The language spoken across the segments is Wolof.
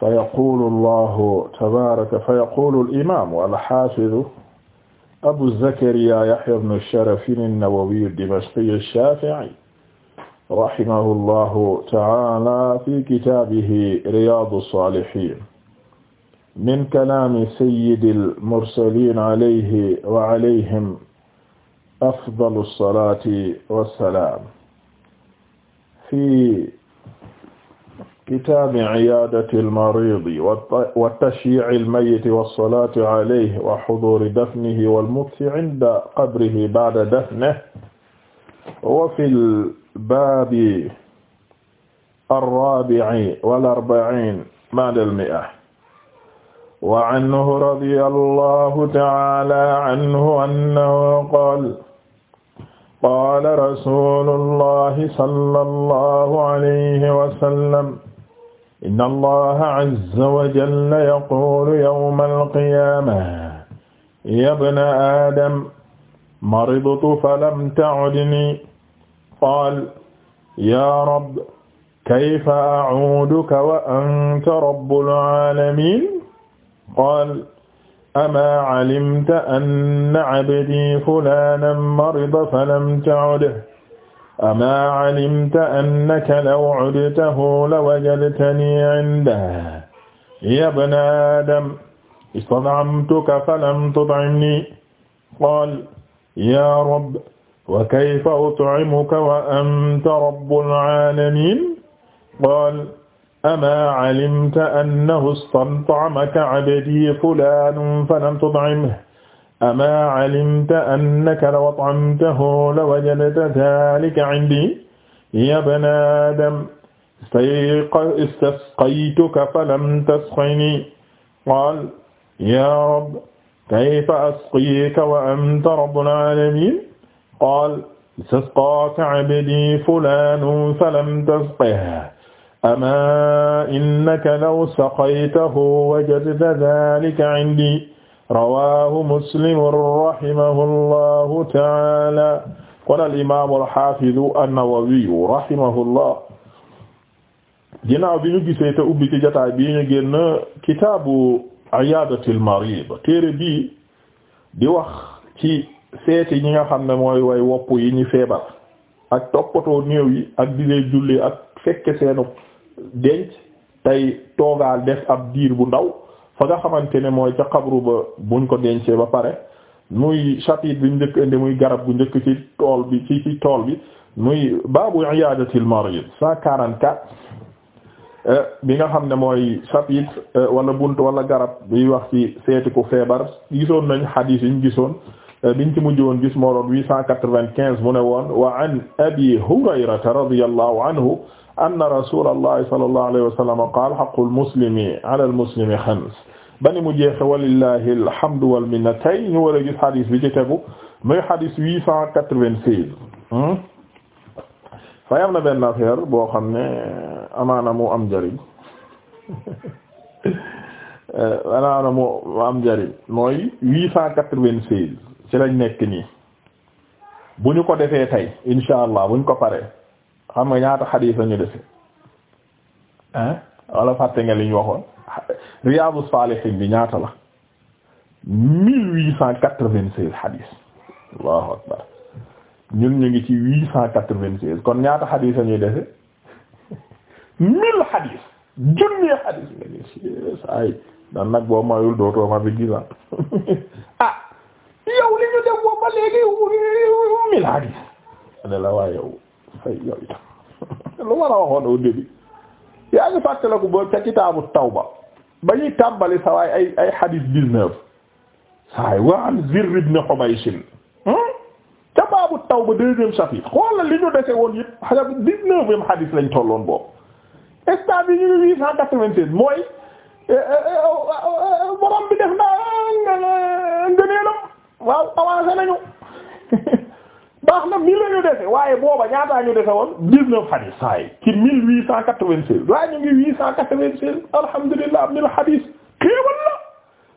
فيقول الله تبارك فيقول الإمام الحافظ أبو زكريا يحيى بن الشرف النووي الدمشقي الشافعي رحمه الله تعالى في كتابه رياض الصالحين من كلام سيد المرسلين عليه وعليهم أفضل الصلاة والسلام في kitaabi ciyaadati almaridi wa tashyiici almayiti wassalaati calayhi wa xuduuri dafnihi walmukthi cinda qabrihi bacda dafnihi wa fil baabi arraabici wal arbaciin bacda almi'a wa canhu radiya allahu tacaala canhu annahu qaala qaala rasuulullahi sallallahu alayhi wa sallam inna allaha azza wa jalla yaqulu yawma alqiyaama ya bna aadam maridtu falam ta'udni qaal yaa rab kayfa a'uuduka wa anta rabbul aalamiin qaal amaa alimta anna abdii fulaanan marida falam ta'udhu amaa alimta annaka law cudtahu la wajadtanii cindahu yaa bna aadam istadcamtuka falam tutcimnii qaala yaa rabb wa kayfa utcimuka wa anta rabbul caalamiin qaala amaa calimta annahu istancamaka cabdii fulaanun falam tutcimhu amaa calimta annaka law atcamtahu lawajadta daalika cindi ya bana aadam istasqaytuka falam tasqini qaal yaa rab kayfa asqiika wa anta rabbul caalamiin qaal istasqaaka cabdii fulaanun falam tasqihi amaa innaka law saqaytahu wajadta daalika cindi rawahu muslimun rahimahu llahu taala kon alimamu alhafidu annawawiyu rahimahullah ginnaaw bi ñu gisee te ubbi ci jotaay bi ñu génn kitaabu iyadati almarid téere bii di wax ci seeti ñi nga xam ne mooy way wopp yi ñu feebar ak toppatoo néew yi ak di leen jullee ak fekke seenu denc tey toogaal def ab diir bu ndaw fa nga xamante ne mooy ca xabru ba buñ ko dencee ba pare muy chapitre bi njëkk indi muy garab bu njëkk ci tool bi ci ci tool bi muy baabu iyaadatil marid cent quarante-quatre euh, bi nga xam ne mooy chapitre euh, wala bunt wala garab bi wax ci seeti ku feebar gisoon nañ xadiis yi ñu gisoon euh, biñ ci mujj woon gis moo doon huit cent quatre-vingt-quinze mu ne woon wa an abi hurayrata radiyallahu anhu anna rasulallahi sallallahu alayhi wa sallam qaala haqqul muslimi alal muslimi xams bani mu jeexe walillahi alhamdu wal minna tey ñu war a gis xadis bi ci tegu muy xadis huit cent quatre-vingt-seize hmm? fay am na benn affaire boo xam ne amaana mu am njariñ eh, amaana mu am njariñ mooy huit cent quatre-vingt-seize ci lañ nekk nii bu ñu ko defee tey insha allah bu ñu ko paree xam nga ñaata xadiis lañu defe hein wala fàtte nga liñ waxoon Riyadu Salihin bi ñaata la mille huit cent quatre-vingt-seize xadiis Allahu akbar ñun ñu ngi ci huit cent quatre-vingt-seize kon ñaata xadiis lañuy defe mille xadiis junni xadiis nga gis ay dan nag boo mayul dootoo ma fi gisa ah. ah yow li ñu def boobu ba léegi mille xadiis ane la waa yow ay yow itam lu ma la waxoon au début yaa ngi fàttaliku ba ca kitaabu tawba ba ñuy tàmbali sawaay ay ay hadith dix-neuf sawaay wa an Zirr ibn Hubaysh hmm? ca baabu tawba deuxième chapitre xoolal li ñu dese woon yëpp xanaa dix-neuvième hadith lañ tolloon boobu instant bi ñu ngi huit cent quatre vingt mooy eh, eh, eh, borom bi def na ngëneelam waaw avancé nañu baax na mille la ñu dese waaye booba ñaata ñu dese woon dix-neuf hadis ci mille ñu ngi huit cent quatre-vingt-seize alhamdulillah mille hadis xéewal la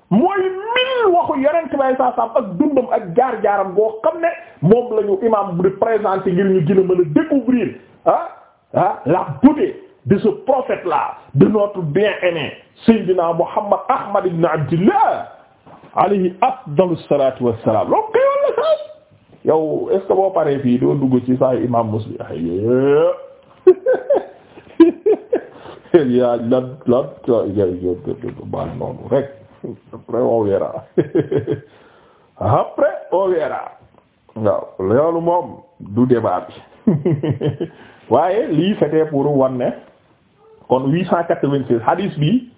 mooy mille waxu yonent bay saa ak dundam ak jaar-jaaram boo xam ne moom lañu ñu imam di présenter ngir ñu gën mën découvrir ah ah la beauté de ce prophète là de notre bien-aimé Seydina Muhammad Ahmad ibn Abdillah alayhi afdalu salatu wassalam loolu xéewal la yow est-ce que boo paree fii doo dugg ci saay imam muslim yaa lat lat baal noonu rek après on verra après on moom du débat bi waaye lii c'était pour wan ne kon huit cent quatre-vingt-seize hadis bi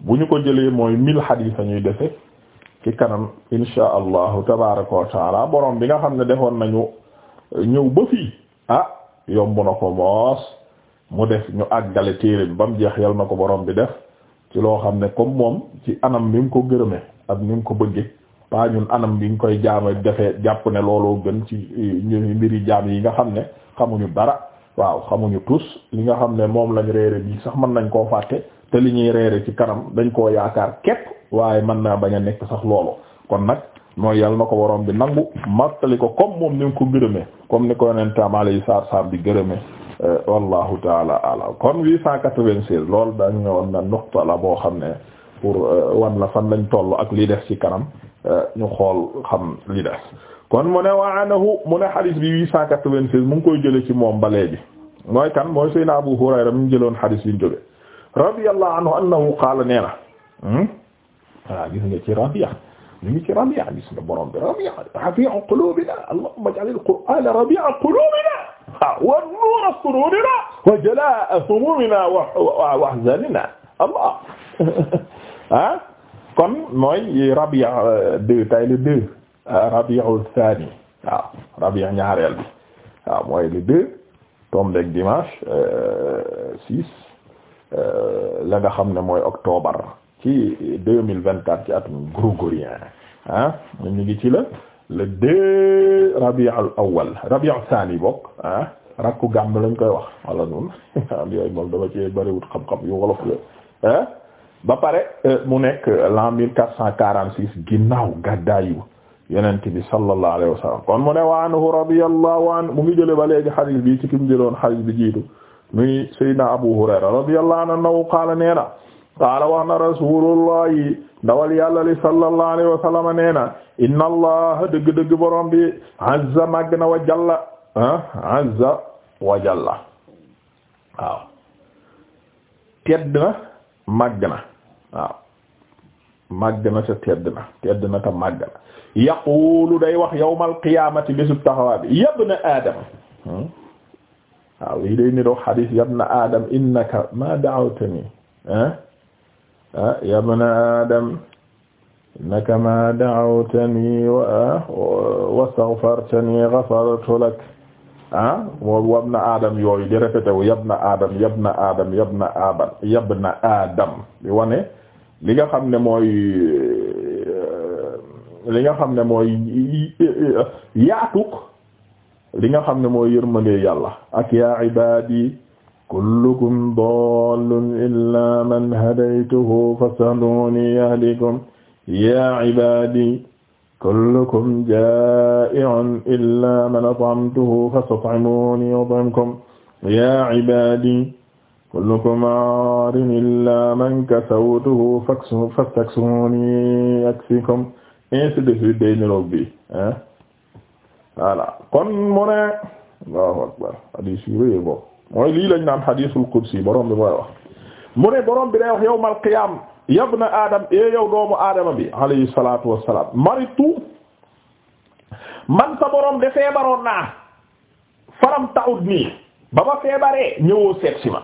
bu ñu ko jëlee mooy mille hadis la defe ki kanam insha allahu tabaraka wa taala borom bi nga xam ne defoon nañu ñëw ba fii ah yomb na ko moos mu def ñu àggale téere bi ba mu jeex yal na ko borom bi def ci loo xam ne comme moom ci anam mi mu ko gërëme ak ni mu ko bëggee pas ñun anam bi ñu koy jaama defee jàpp ne looloo gën ci eh, mbiri jaam yi nga xam ne xamuñu dara waaw xamuñu tus li nga xam ne moom lañ reere bi sax mën nañ koo fàtte te li ñuy reere ci kanam dañ koo yaakaar képp waaye mën naa bañ a nekk sax loolu kon nag mooy yàlla na ko waroon bi nangu mattali ko comme moom ni ko gërëme comme ni ko yoneen taamala yi saar saar di gërëme eh, wallahu taala ala kon 896 lool dañ woon na nuqta la boo xam ne pour eh, wan na fan lañ toll ak li des ci kanam eh, ñu xool xam li des kon mu ne wa anahu mu ne xadis bi 896 mu ngi koy jële ci moom ba léegi mooy kan mooy Seydina Abu Hurayra mu jëloon xadis bi ñu jóge radiyallahu anhu nee na hmm? waaw gis nga ci Rabi'a ñu ngi ci Rabi'a gis nga borom bi Rabi'a rabi'a qulubina allahumma ij'al al-Qur'an rabi'a qulubina wa nura sudurina wa jalaa humumina wa ahzanina allah ah kon mooy Rabi'a euh, deux tay le deux euh, Rabi'ul thani waaw Rabi'a ñaareel bi waaw mooy le deux tombeeg dimanche euh, six la nga xam ne mooy octobre ci deux mille vingt quatre ci atum grégorien ah ñu ngi ci la le deux rabiul awwal rabiul thani bokk ah rakku gàmm lañ koy wax wala noonu am yooyu moom dama ci bariwut xam-xam yu wolof la ah, ba pare euh, mu nekk l'an mille quatre cent quarante six ginnaaw gàddaayu yonent bi sallallahu alayhi wa sallam kon mu ne wa anhu radiyallahu anhu mu ngi jële ba léegi xadiis bi ci ki mu jëloon xadiis bi jiitu muy sayyidina Abu Hurayra radiyallahu anhu qaala nee na qaala wax na rasulullahi ndawal yàlla li sallallahu alayhi wa sallam nee na inna allah dëgg-dëgg borom bi azza màgg na wa jalla ah azza wa jalla waaw tedd na màgg na waaw màgg na sa tedd na tedd na ta màgg na yaqulu day wax yawmal qiyaamati bésub taxawaa bi yabna aadama hmm? waaw lii day niroo xadiis yabna aadama innaka ma da'awtani ah Ah, ya bna adam innaka ma da'awtani wastaghfartani ghafartu lak ah moom wab na adam yooyu di répété wu na adam yab na adam yab na adam yab na adam wane li nga xam ne mooy li nga xam ne mooy yaatuk li nga xam ne mooy yërmande yàlla ak yaa ibadi kullukum dallun illaa man hadaytuhu fastahduni yahdikum yaa cibaadi kullukum jaa'iun illaa man at'amtuhu fastat'imuni at'imkum yaa cibaadi kullukum aarin illaa man kasawtuhu fastaksuni akfikum ainsi de suite day niroog bi ah voilà kon mu ne Allahu akbar mooy lii lañ naan xadiisul qudsi borom bi mooy wax mu ne borom bi day wax yawmal qiyaam yabna aadam ee eh yow doomu aadama bi alayhi salaatu wassalaam maritu man sa borom de feebaroon naa faram ta'ud nii ba ma feebaree ñëwoo seet si ma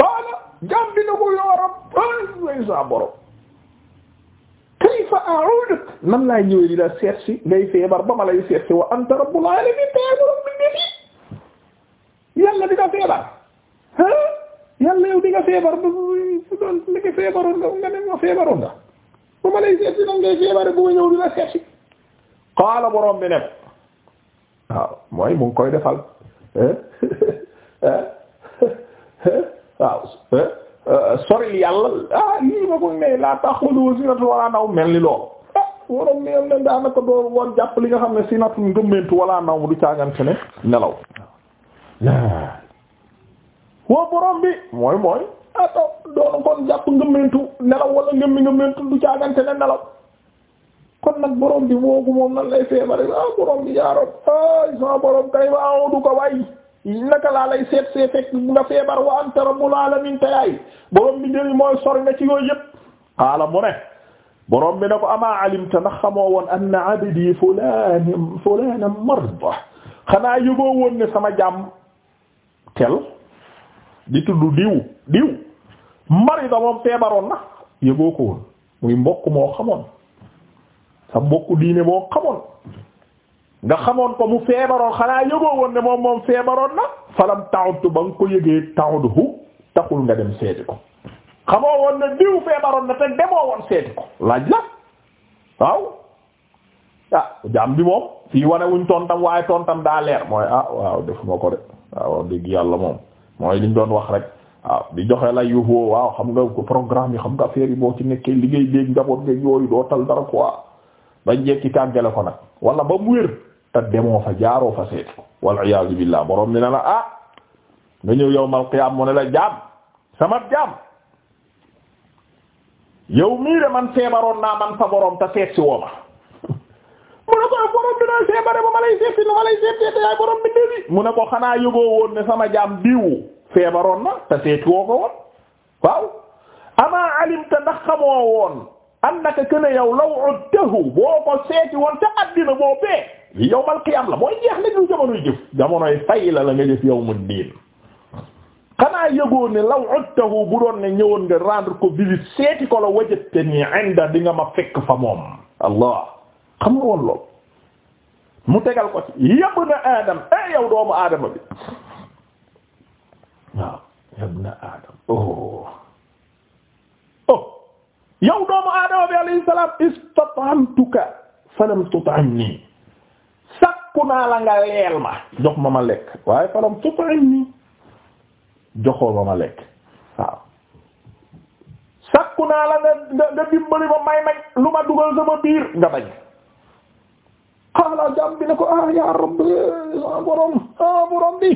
qaala jàmbi na ko yaa rab ay sa borom kayfa a'uduk nan laay ñëwee di la seet si ngay yàlla di nga feebar ah yàlla yow di feebar ba bu doon ndeke feebaroon nga nga ne ma feebaroon nga bu ma lay seet si nag ngay feebare bu ma ñëw di la seet si bi ne waaw mooy mu koy defal waaw euh, soril yàlla ah lii ma ko ne laa taxulu sinatu wala naw mel ni loolu ah, jàpp li nga xam ne sinatu ngëmmentu wala naw mu du càggante ne nelaw laa foo borom bi mooy mooy ato doon kon jàpp ngëmmentu nelaw wala ngëmmi du caagante ne nelaw kon nag borom woogu moom nan lay feebare ah borom bi ay ah, sama borom kay wa way naka laa lay seet see fekk nga feebar wa anta rabbul alamin te yaay borom bi mooy sori ci yooyu yëpp xaala ne borom bi ne ko ama alimta ndax xamoo woon anna abdi fulan fulan xanaa yëgoo woon ne sama jàmm tel di tudd diw diw mari da moom feebaroon na yëgoo ko woon muy mbokk moo xamoon sa mbokku diine moo xamoon nga xamoon ko mu feebaroon xanaa yëgoo woon ne moom moom feebaroon na falam taxut ba nga ko yëgee taxut hu taxul nga dem seeti ko xamoo woon ne diw feebaroon na te demoo woon seeti ko laaj la waaw ah jaam bi moom fii wane wuñ tontam waaye tontam daa leer mooy ah waaw defuma ko de waaw dëgg yàlla moom mooy liñ doon wax rek waaw di joxe la yu foo waaw xam nga ko programme yi xam nga affaire yi boo ci nekkee liggéey béeg njaboot nga yooyu doo tal dara quoi ba jekki kàggale ko nag wala ba mu wér te demoo fa jaaroo fa seet wal iyaazu billah borom ni na la ah nga ñëw yawmal qiyaam mu ne la jaam sama jaam yow mii de man feebaroon naa man fa borom te seet si wooma mu ne ko ah borom bi xanaa yëgoo woon ne sama jaam diwu feebaroon na te seet woo ko woon waaw amaa alimta ndax xamoo woon annaka kana yow law uddahu boo ko seeti woon te addina boo bee li yawmal la mooy jeex na du jamonoy jëf jamonoy fay la la nga jëf yawmu diin xanaa ne law uddahu bu doon ne ñëwoon nga rendre ko visite seeti ko la wajadtani inda di nga ma fekk fa moom allah xam nga woon lool mu tegal ko ci yabna adam eh yow doomu aadama bi waaw yabna adam oh oh yow doomu aadama bi alayhi salaam istat'amtuka falam tut'amni sakku naa la nga leel ma jox ma ma lekk waaye falam tut'amni joxoo ma ma lekk waaw sakku naa la nga nga dimbali ma may may lu ma dugal sama biir nga bañ xaala jàm bi ne ko ah ya rabbi sa borom ah borom bi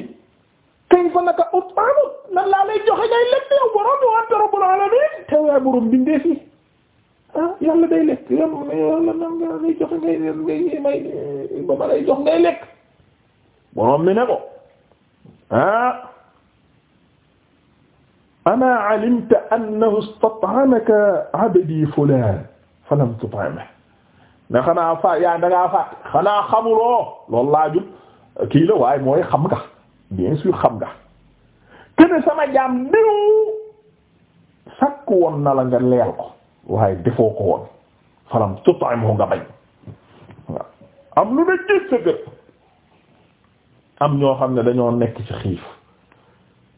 kayfa naka ut'amu nan laa lay joxe ngay lekk yow borom bi wa anta rabbul alamin te waay borom bindee fi ah yàlla day lekk yàlla nan nga lay joxe ngay ngay may eh, ba ma lay jox ngay lekk borom bi ne ko ah ama alimta annahu istat'amaka abdi fulan falam tut'amhu ne xanaa fa yaa da ngaa xanaa xamuloo loolu laajul kii la waaye mooy xam nga bien sûr xam nga kene sama jaam néew sakk woon na la nga leel ko waaye defoo ko woon falam tut'imu am ñoo xam ne dañoo nekk ci xiif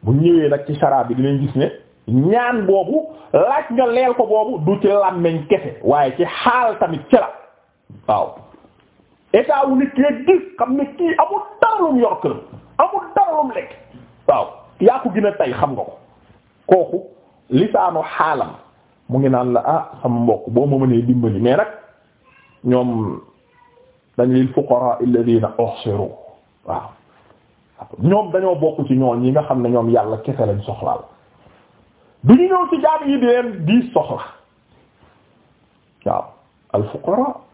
bu ñëwee nag ci saraab bi dinañ gis ne ñaan boobu laaj nga leel ko boobu du ci làmmeñ kese waaye ci xaal tamit ci la waaw état wu nit kee gis xam ne kii amul daralum yor kër amul daralum lekk waaw yaa ko gën tey xam nga ko kooku lisaanu xaalam mu ngi naan la ah sama mbokk boo ma mënee dimbali mais nag ñoom dañ lil fuqara alladhina uhsiru waaw ñoom dañoo bokk ci ñoon ñi nga xam ne ñoom yàlla kese lañ soxlaal du ñu ñëw ci jaam yi di leen di soxla waaw al fuqara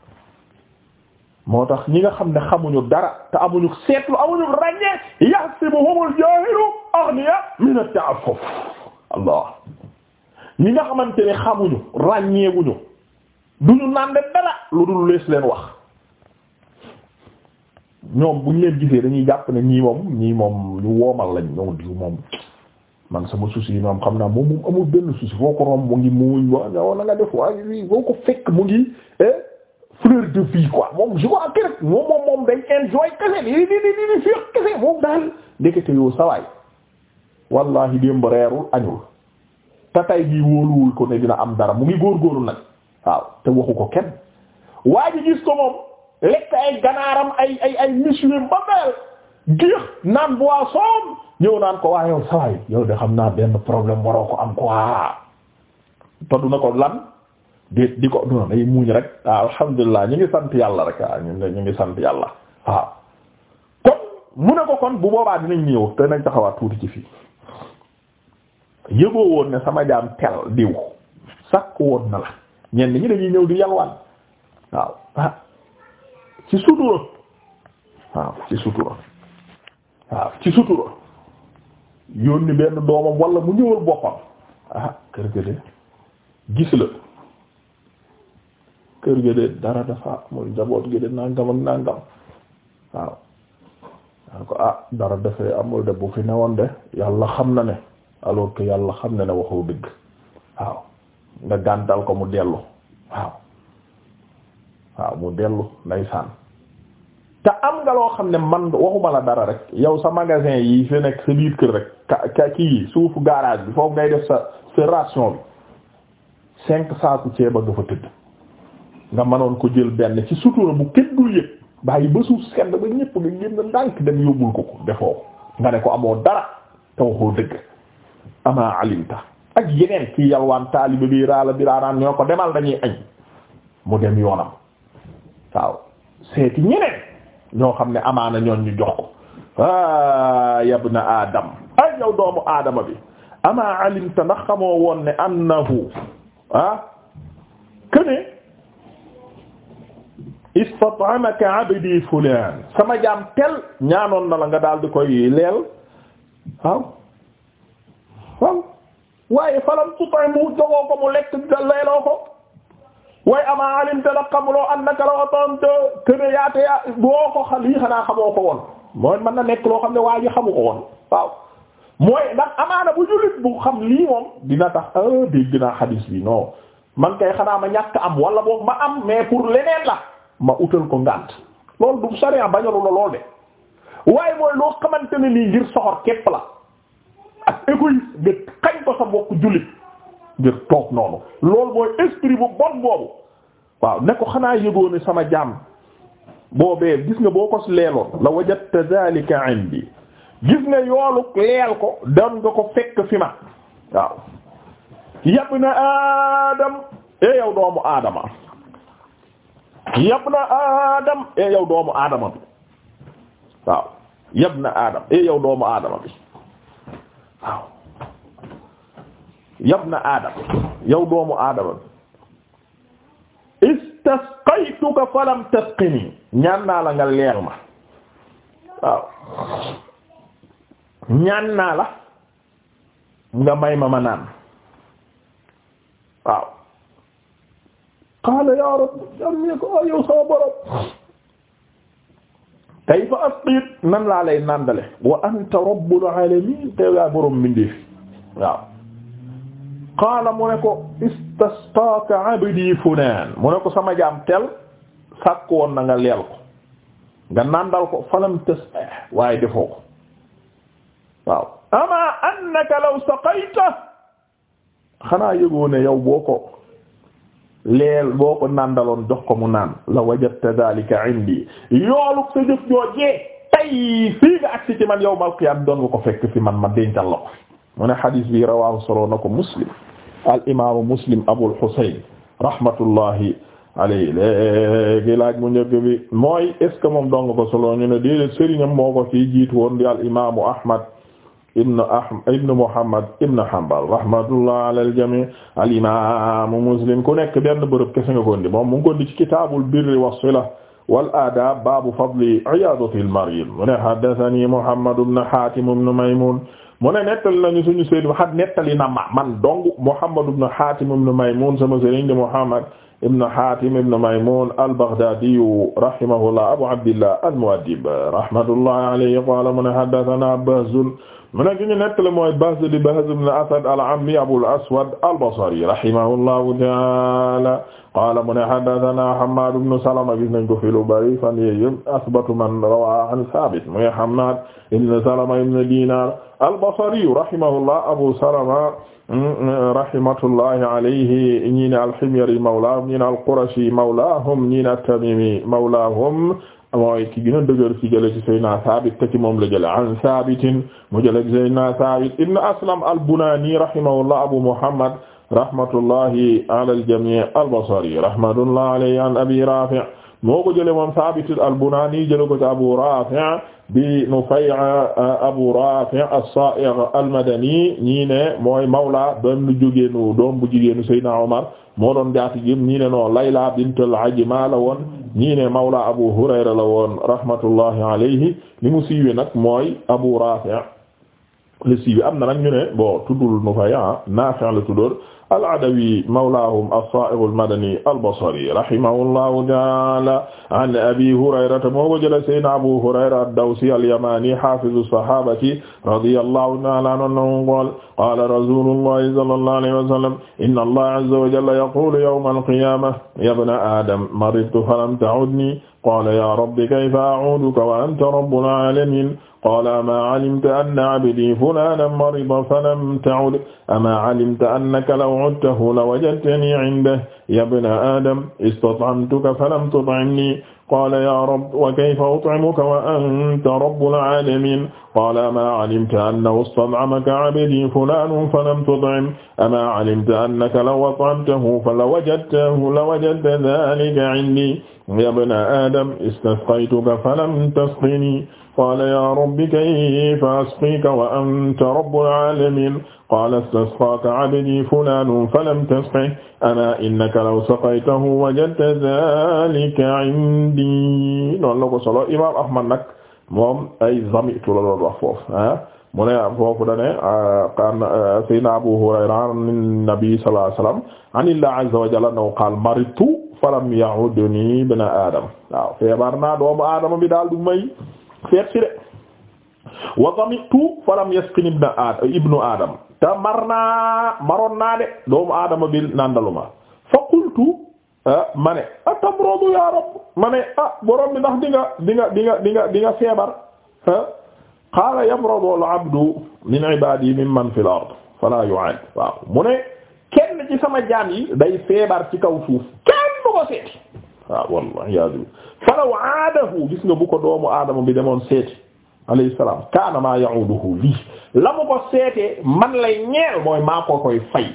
moo tax ñi nga xam ne xamuñu dara te amuñu seetlu amuñu ràññee yahsibuhumul jaahilu aghniya min at-ta'affuf allah ñi nga xamante ne xamuñu ràññeewuñu duñu naan dara lu dul lees leen wax ñoom buñ leen gisee dañuy jàpp ne ñii moom ñii moom ñu woomal lañ ñoo diw moom man sama souci yi moom xam naa moom moom amul benn souci foo ko romb mu ngi muuñ na nga def waa boo ko fekk mu ngi eh, fleur de vie quoi moom je crois que rek moom moom moom dañ enjoy kese lii di di di fiir kese moom daal ndekete yoo sawaay wallahi démb añul te tay jii wóoluwul ko ne dina am dara mu ngi góorgóorlu nag waaw te waxu ko kenn waa ji gis ko moom lekk ay ganaaram ay ay ay misiwim ba meel géex naan boisson ñëw naan ko waa yow sawaay yow de xam naa benn problème waroo ko am quoi toddu na ko lan di di ko non day muuñ rek waaw ah, alhamdulilah ñu ngi sant yàlla waaw ah, ñu ngi sant yàlla waaw ah. kon mu ne ko kon bu boobaa dinañ ñëw te nañ taxawaat tuuti ci fii yëgoo woon ne sama jaam tel diw sakk woon na la ñenn ñi dañuy ñëw di yalwaan waaw ah ci sutura waaw ci sutura waaw ci sutura yónni benn doomam wala mu ñëwal boppam ah kër ga gis la. kër gi de dara dafa muy njaboot gi de nangam ak nangam waaw daan ko ah dara dafay amul de bu fi woon de yàlla xam na ne alors que yàlla xam na ne waxoo dëgg waaw ko mu dellu waaw waaw mu te am loo xam ne man waxuma la dara rek yow sa magasin yi fi nekk sa biir kër rek ka- ka- kii suufu garage bi foofu ngay def sa sa ration bi cinq saaku ceeb a fa tëdd nga mënoon ko jël benn ci sutura bu kenn dul yëg bàyyi ba suuf sedd ba ñëpp nga génn ndànk dem yóbbul ko ko defoo nga ne ko amoo dara te waxoo dëgg amaa alimta ak yeneen ci yalwaan taaliba bi raala bi ñoo ko demal dañuy añ mu dem yoonam waaw seeti ñeneen ñoo xam ne amaana ñoon ñu jox ko ah yabna adam ay yow doomu aadama bi amaa alimta ndax xamoo woon ne annahu ah këne istat'amaka abdi fulaan sama jaam tel ñaanoon na la nga daal di koy leel waaw waaw waaye falam tut'imu jogoo ko mu lekk leeloo ko waaye amaa alimta la xamuloo annaka law at'amta këne yaate yaa boo ko xa lii xamoo ko woon mooy mën na nekk loo xam ne waa xamu ko woon waaw mooy ndax amaana bu jullit bu xam lii moom dina tax ah dégg naa xadiis bi non man kay xanaa ma ñàkk am wala boog ma am mais pour leneen la ma utal ko ngànt loolu du sariya bañalu la lool de waaye mooy loo xamante ne nii ngir soxor képp la ak égoïsme nga xañ ko sa bokk jullit ngir toog noonu loolu mooy esprit bu bon boobu waaw ne ko xanaa yëgoo sama jaam boobee gis nga boo ko leeloon la wajadta dhalika indi gis nga yoolu leel ko doon nga ko fekk fi ma waaw yabna adam e eh yow doomu aadama yabna adam e yow doomu aadama bi waaw yabna adam e yow doomu aadama bi waaw yabna adam yow doomu aadama bi istasqaytuka falam tasqini ñaan la nga leer ma waaw naa la nga may ma ma naan qaala yaa rab am ne ko ah yow sama borom kayfa nan laa lay nàndale wa anta rabbul alamin te yaa borom mbindee fi waaw ne ko istasqaaka abdi fulaan mu ne ko sama jaam tel sàkk woon na nga leel ko nga nàndal ko falam tasah eh, defoo ko waaw ama law saqayta xanaa yëgoo ne yow boo ko leel boo ko nàndaloon jox ko mu naan la wajadta dhalika indi yoolu sa jëf joojee tay fii nga agsi ci man yawmal qiyaam doon ko fekk fi man ma dencal la ko mu ne bi rawaahu soloo na ko muslim al imaamu muslim abul husayn rahmatullahi alayhi léegi laaj mu njëkk bi mooy est ce que moom dong ko solo ñu ne déedéet sëriñam moo ko fii jiitu woon di ahmad ibn Ahmad ibn Muhammad ibn Hanbal rahmatullah ala al-jami' al-imam Muslim ku nekk benn bërëb kese nga ko indi moom mu ngi ko indi ci kitaabul birri was-sila wal aadaab baabu fadli iyaadatil mariid mu ne haddathanii Muhammad ibn Haatim ibn Maymuun mu ne nettali nañu suñu sëriñ wax nettali na ma man dong Muhammad ibn Haatim ibn Maymuun sama sëriñ di Muhammad ibn Haatim ibn Maymuun al-Baghdaadi rahimahullah Abu Abdillah al-Mu'addib rahmatullahi alayhi qaala mu ne haddathanaa Bahz mu ne ki ñu nettali mooy Bahz di Bahz ibn Asad al-Ammi Abul Aswad al-Basri rahimahullahu ta'ala qaala mu ne haddathana Hammad ibn Salama gis nañ ko fi lu bari fan yii yëpp asbatu man rawaa an Thabit muy Hammad ibn Salama ibn Dinar al-Basri rahimahullah Abu Salama mm, rahmatullahi alayhi ñii ne al-Himyari mawlaahum ñii ne al-Qurashi mawlaahum ñii ne at-Tamimi mawlaahum mooy ki gën a dëgër ci jële ci Seydina Saabit te ci moom la jële an Saabitin mu jële ci Seydina Saabit ibn Aslam al-Bunaani rahimahullah Abu Muhammad rahmatullahi ala al-jamii al-Basri rahmatullahi alayhi an Abi Raafi' moo ko jële moom Saabit al-Bunaani jële ko ci Abu Raafi' bi Nufay' Abu Raafi' as-Saa'igh al-Madani ñii ne mooy mawla doom lu jigéenu doom bu jigéenu Seydina Omar moo doon jaati jëm ñii ne noo Layla bint al-Ajmaa la woon ñii ne mawla abu hurayra la woon rahmatullahi alayhi li mu siiwee nag mooy abu rafi' li siiwee am na nag ñu ne bon tuddul nu fa yaa nafi' la tuddoon al-adawi mawlaahum as-saa'igh al-madani al-basri rahimahullahu ta'aala an abi hurayrata moo ko jëlee sayyidina abu hurayra ad-dawsi al-yamani haafizu as-sahaabati radiyallahu ta'aala anhu qaala qaala rasuulullahi sallallahu alayhi wa sallam inna allaha azza wa jalla yaqulu yawma al-qiyaamah yabna adam maridtu falam ta'udni qaala ya rabbi kayfa a'uduka wa anta rabbul alamin qaala amaa alimta anna abdi fulanan marida falam ta'ud amaa alimta annaka law 'udtahu lawajadtani 'indahu yabna adam istat'amtuka falam tut'imni qaala yaa rabb wa kayfa ut'imuka wa anta rabbul aalamiin qaala amaa alimta annahu istad'amaka abdii fulaanun falam tut'imhu amaa alimta annaka law at'amtahu falawajadtahu lawajadta dhaalika 'indii yaa ibna aadam istasqaytuka falam tasqinii qaala yaa rabbi kayfa asqiika wa anta rabbul aalamiin qaala istasqaaka abdii fulaanun falam tasqih ana innaka law saqaytahu wajadta zaalika indii noonu la ko solo imaam Ahmad nag moom ay zamitu la doon wax foofu ah mu ne foofu da ne ah, ah, sayyidunaa Abu Hurayra an nabi sallallahu alayhi wa sallam anillaahi azza wa jalla annahu qaala maridtu falam ya'udnii ibnu aadama waaw feebar naa doomu aadama bi daal du may seet si de wa zamitu falam yasqini ibnu aadama te mar naa maroon naa de doomu aadama bi nandaluma fa qultu ah, ma ne atamrodu ya rab ma ne ah borom bi ndax di nga di nga di nga di nga di nga feebar ah, qala yamrodu al abdu min ibadi mimman fil ard fala yu'ad waaw mu ne kenn ci sama jaam yi day feebar ci kaw suuf kenn du ko seeti waaw wallahi yaa falaw aadahu gis nga bu ko doomu aadama bi demoon seeti alayhi salaam kaana maa ya'uduhu lii la mu ko seetee man lay ñeel mooy maa ko koy fay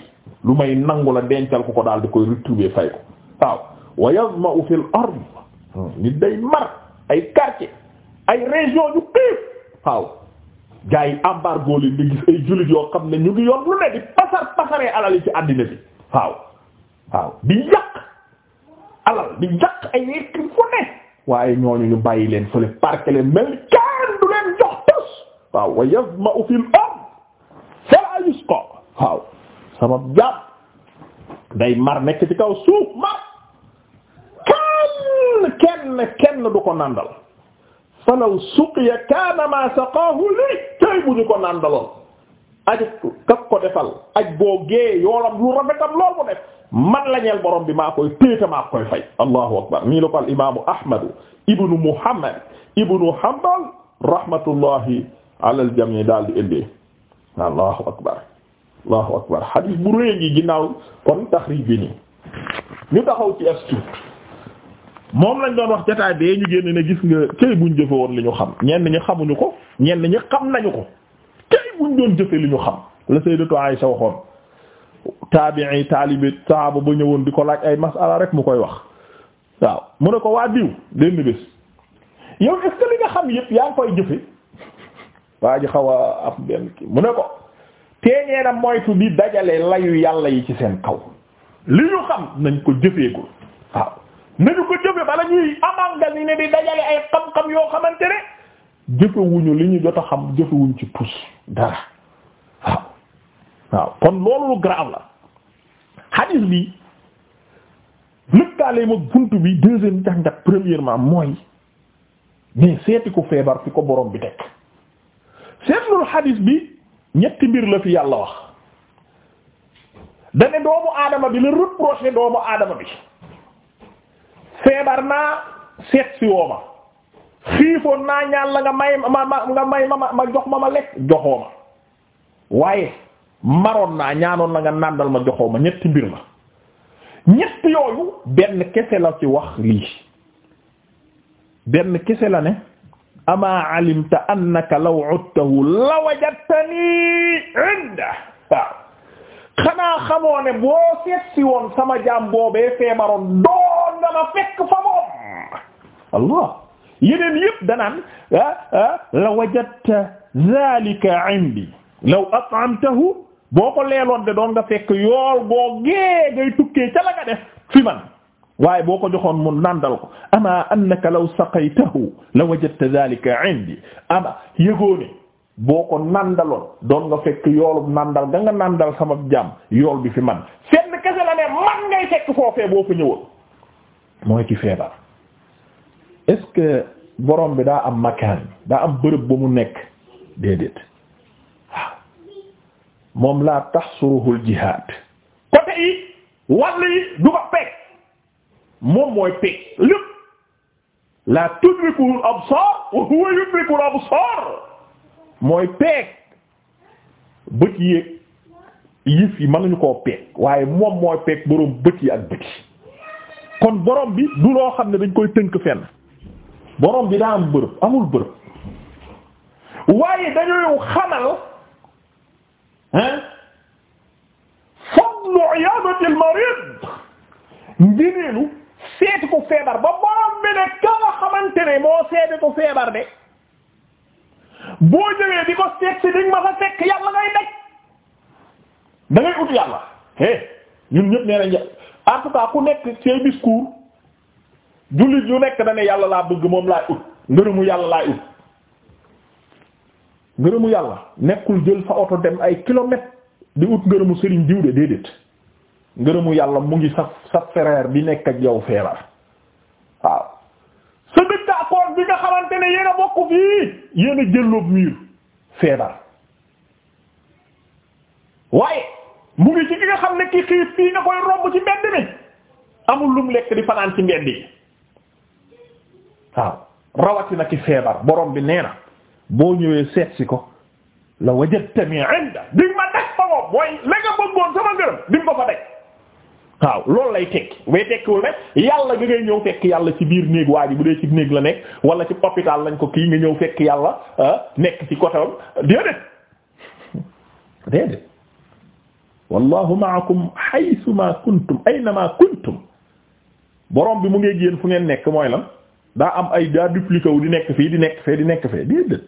lu may nangu la dencal ko ko daal di koy retrouver fay ko waaw wa yazma'u fil li hmm. di gis ay jullit yoo xam ne ñu ngi yoon lu ne di pasar pasaree alal yi ci àddina bi waaw waaw di yàq alal di yàq ay yekk fu ne waaye ñooñu ñu bàyyi leen fële park leen mel waaw wa yazma'u fil ard fala yusqa waaw sama jaam day mar nekk ci kaw suuf mar kenn kenn kenn du ko nàndal falaw suqiya kaana ma saqaahu li tay bu ñu ko nàndaloon aj kak ko defal aj boo gee yoolam lu rafetam lool mu def man lañeel borom bi maa koy péeta maa koy fay allahu akbar nii la ko al imaamu ahmadu ibnu muhammad ibnu hanbal rahmatullahi alal jami daal di indi allahu akbar allahu akbar xadiis bu rëy gi ginnaaw kon taxriij bi nii ñu taxaw ci astuut moom lañ doon wax jotaay bee ñu génn ne gis nga këy buñ jëfe woon li ñu xam ñenn ñu xamuñu ko ñenn ñi xam nañu ko këy buñ doon jëfe li ñu xam la sayyidatu Aysa waxoon taabi'i taalibi saaba ba ñëwoon di ko laaj ay masala rek mu koy wax waaw mu ne ko waa diw benn bés yow est li nga xam yépp yaa ngi koy jëfe waa ji xaw a am benn kii mu ne ko teeñee na moytu di dajale layu yàlla yi ci seen kaw li ñu xam nañ ko jëfeegul waaw nañu ko jëfe bala ñuy amal nga ni ne di dajale ay xam-xam yoo xamante ne jëfewuñu li ñu jot a xam jëfewuñ ci tus dara waaw waaw kon loolu lu grave la hadis bi lëkkaale mag buntu bi deuxième jàngat premièrement mooy mais seeti ko feebar fi ko borom bi teg seetlul xadiis bi ñetti mbir la fi yàlla wax dane doomu aadama bi la reproché doomu aadama bi feebar naa seet si woo ma xiifoon naa ñaan la nga may ma ma nga may ma ma jox ma ma lekk joxoo ma waaye maroon naa ñaanoon la nga nàndal ma joxoo ma ñetti mbir la ñett yooyu benn kese la ci wax lii benn kese la ne amaa alimta annaka law udtahu lawajadtani inda waaw xanaa xamoo ne boo seetsi woon sama jaam boobee feebaroon doon dama fekk fa moom allah yeneen yëpp danaan ah, ah, la wajadta zalika indi law at'amtahu boo ko leeloon de doon nga fekk yool boo gee ngay tukkee ca la nga def fi man waaye boo ko joxoon mu nandal ko ama annaka law saqaytahu la wajadta dhalika indi ama yëgoone boo ko nandaloon doon nga fekk yoolub nandal da nga nandal sama jaam yool bi fi man fenn kese la ne man ngay fekk foofee boo fa ñëwoon mooy ci feebar est que borom bi daa am makaan daa am bërëb ba mu nekk déedéet moom laa taxsuruhul jihaad côté yi wàll yi du moom mooy peeg lépp la tudrikul absar wa huwa yudrikul absar mooy peeg bët yéeg yëf yi mënuñu koo peeg waaye moom mooy peeg boroom bët yi ak bët kon borom bi du loo xam ne dañ koy tënk fenn borom bi daa am bërëb amul bërëb waaye dañuy xamal hein fadlu iyaadati al marid ngeneelu seeti ku feebar ba borom bi ne ka nga xamante ne moo seeti ku feebar de boo ñëwee di ko seet si diñ ma fa fekk yàlla ngay daj da ut yàlla eh ñun ñëpp nee nañ en ku nekk say discours jullit yu nekk da ne yàlla laa bëgg moom laay ut ngërëmu yàlla laay ut ngërëmu yàlla nekkul jël sa oto dem ay kilomètres di ut ngërëmu sëriñ diw de déedéet ngërëmu yàlla mu ngi sa sa frère bi nekk ak yow feebar waaw sa dëkk accord bi nga xamante ne yéen a bokk fii yéen a jëlloob miir feebar waaye mu ngi ci ki nga xam ne ki xiif fii nga koy romb ci mbedd mi amul lum lekk di fanaan ci mbedd yi waaw rawatina ki feebar borom bi nee na boo ñëwee seet ko la wajadtani inda di ma def fa moom mooy la nga bëggoon sama ngërëm di ko fa def waaw loolu lay tekki way tekkiwul rek yàlla gi ngay ñëw fekk yàlla ci biir néeg waa ji bu dee ci néeg la nekk wala ci hôpital lañ ko kii nga ñëw fekk yàlla ah, nekk ci côté déedéet déedéet wallahu ma'akum haythu kuntum ayna kuntum borom bi mu ngi yéen fu ngeen nekk mooy lan daa am ay daa dupliqué di nekk fii di nekk fee di nekk fee déedéet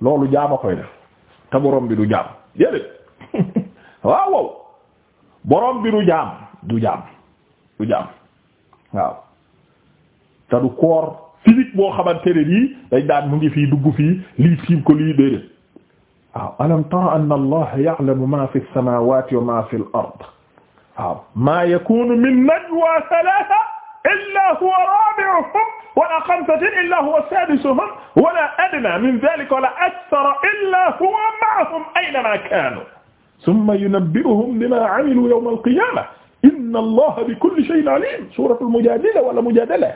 loolu jaama koy def te borom bi du jaam déedéet waaw wow borom bi du jaam du jaam du jaam waaw te du koor physique boo xamante ne nii dañ daan mu ngi fii dugg fii lii tiim ko lii déedéet waaw alam tara anna allah ya'lamu ma fi as-samawati wa ma fi al-ard waaw ma yakunu min najwa thalatha illa huwa rabi'uhum wala xamsatin illa huwa sadisuhum wala adna min dhalika wala akthara illa huwa ma'ahum aynama kanu summa yunabbi'uhum bimaa 'amilu yawma al inna allaha bi kulli shay'in 'aliim suuratul mujaadila wala mujaadala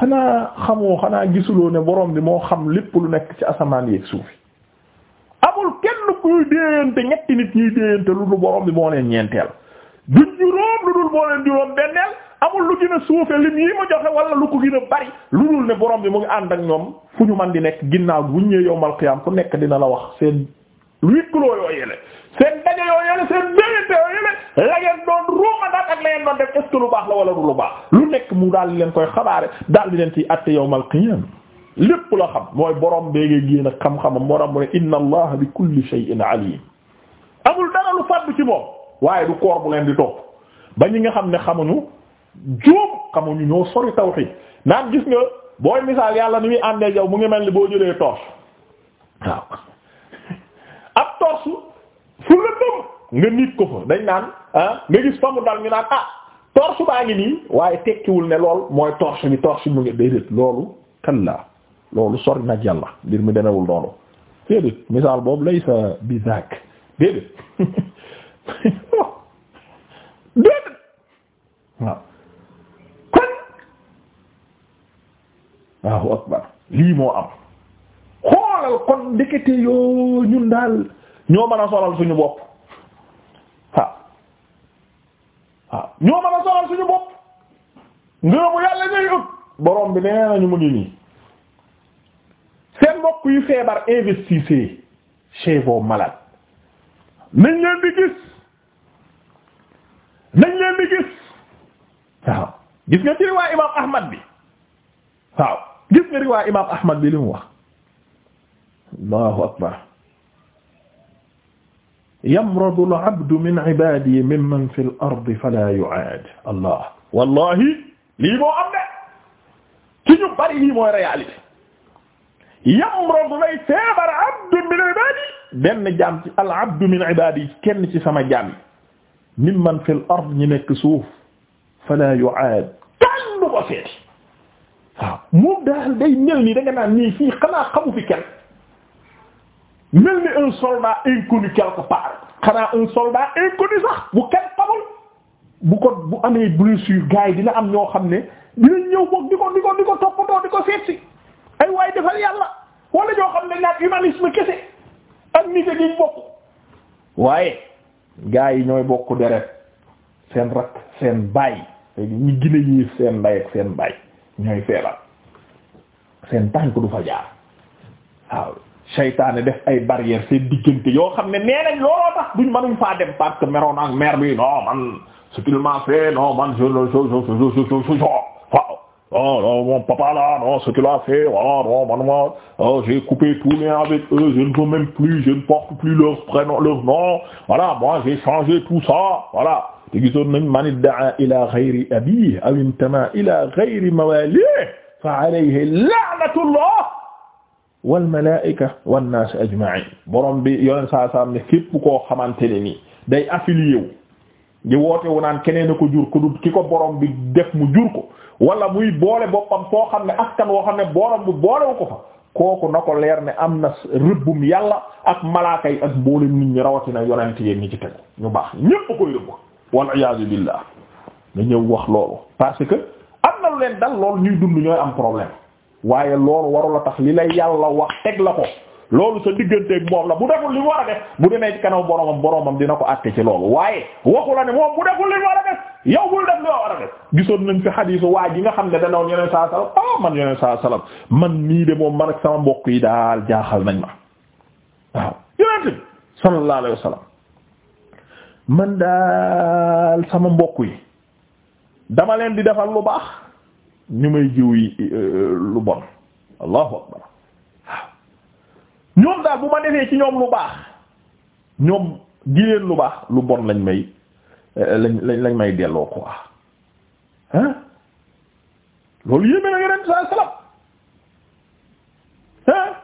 xanaa xamoo xanaa gisuloo ne borom bi moo xam lépp lu nekk ci asamaan yeeg suuf amul kenn kuy déeyante ñetti nit ñuy déeyante lu dul borom bi moo leen ñeenteel du juróom lu dul moo leen juróom benneel amul lu gën suufe lim yi ma joxe wala lu ko gën bari lu dul ne borom bi mu ngi ànd ak ñoom fu ñu man di nekk ginnaaw bu ñu ñëwee yowmal qiyaam ku nekk dina la wax seen seen daje yoo yële seen la ngeen doon ruuma daal ak la ngeen doon def est lu baax la wala du lu baax lu nekk mu daal di leen koy xabaare daal di leen ciy atte yawmal qiyaam lépp la xam mooy borom beegee génn ak xam-xamam moo tax mu ne inna allaha bi kulli shay'in alim amul dara lu fàddu ci moom waaye du koor bu leen di topp ba ñi nga xam ne xamuñu juum xamuñu ñoo sori tawhid naan gis nga booy misaal yàlla ni muy àndee jaw mu ngi mel ni boo jëlee torche waaw ab torche nga nit ko fa dañ naan ah nga gis fa dal ñu naan ah torche baa ngi nii waaye tekkiwul ne lool mooy torche bi torche mu ngi déedéet loolu kalla loolu sori nag yàlla mbir mi demewul noonu misaal boobu lay sa bisaak déedéet déedéet waaw kon lii moo am xoolal kon ndekete yoo ñun daal ñoo mën a solal suñu bopp waaw ñoo mën a sonal suñu bopp ngërëmu yàlla ñuy ut borom bi nee nañu mu ngi nii seen mbokk yu feebar investissez chez vos nañ leen di gis nañ leen di gis waaw gis nga ci riwaa imaam Ahmad bi waaw gis nga riwaa imaam Ahmad bi li mu wax allahu akbar yamradu al-abdu min ibaadi mimman fi al-ardi fala yu'aad allah wallahi lii moo am ne ci ñu bari lii mooy réalité yamradu lay feebar abdu min ibaadi benn jaam ci al-abdu min ibaadi kenn ci sama jaam mimman fi al-ard ñi nekk suuf fala yu'aad kenn du ko seeti waaw moom daal day mel ni da nga naan nii fii xanaa xamu fi kenn mel ni un soldat inconnu quelque part xanaa un soldat inconnu sax bu kenn xamul bu ko bu amee blessure gars yi dina am ñoo xam ne dinañ ñëw boog di ko di ko di ko toppatoo di ko seet ay waaye defal yàlla wala ñoo xam ne naat humanisme kese ak nit a ngi bokk waaye gars yi ñooy bokk deret seen rakk seen baay ñu gën a seen ndey ak seen baay ñooy feebar seen tànk du fa waaw seytaane def ay barrière seen diggante yoo xam ne nee nañ looloo tax duñ mënuñ faa dem parce que meroon ak mère bi non man ce qu'il m'a fait non man je je je je je waaw non non mon papa là non ce qu'il a fait voilà non man ma oh j'ai coupé tout lien avec eux je ne veux même plus je ne porte plus leur prénom leur nom voilà moi j'ai changé tout ça voilà te gisoon nañ man idda'a ila ghayri abihi aw intama ila ghayri mawalihi fa alayhi la'natullah wal malaa'ika wan naas ajma'in borom bi yoneen saa saam ne képp koo xamante ne nii day affilié wu di woote naan keneen a ko jur ko ki ko borom bi def mu jur ko wala muy boole boppam foo xam ne kan woo xam ne borom bi boolewu ko fa kooku na ko leer ne am na rëbbum yàlla ak malaaka yi ak mboolem nit ñu rawatina yonent yeeg ñi ci tegu ñu baax ñépp koy rëbb wal iyaazu billah nga ñëw wax loolu parce que am na lu leen dal loolu ñuy dund ñooy am problème waaye loolu warula tax li lay yàlla wax teg la ko loolu sa digganteeg moom la bu deful li mu war a def bu demee ci boromam boromam dina ko àtte ci loolu waaye waxu la ne moom bu deful li war a def yow bul def li war a def gisoon nañ fi xadiisu waa ji nga xam ne danoon yeneen saa salaam ah man yeneen saa salaam man nii de moom man ak sama mbokk yi daal jaaxal nañ ma waaw yonent bi sallallahu alayhi man daal sama mbokk yi dama leen di defal lu baax ñu may jiw yi euh, euh, lu bon allahu akbar ñoom daal bu ma defee ci ñoom lu baax ñoom gi lu baax lu bon lañ may euh, lañ lañ may delloo ko hein loolu yéeme na yeneen saa salaam hein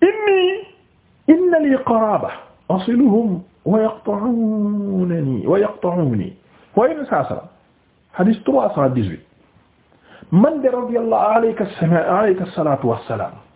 inni inna li qaraba asiluhum wa yaqta'unani wa yaqta'uni wa yeneen hadis trois cent dix-huit man de radiyallahu alayka alayka salaatu wassalaam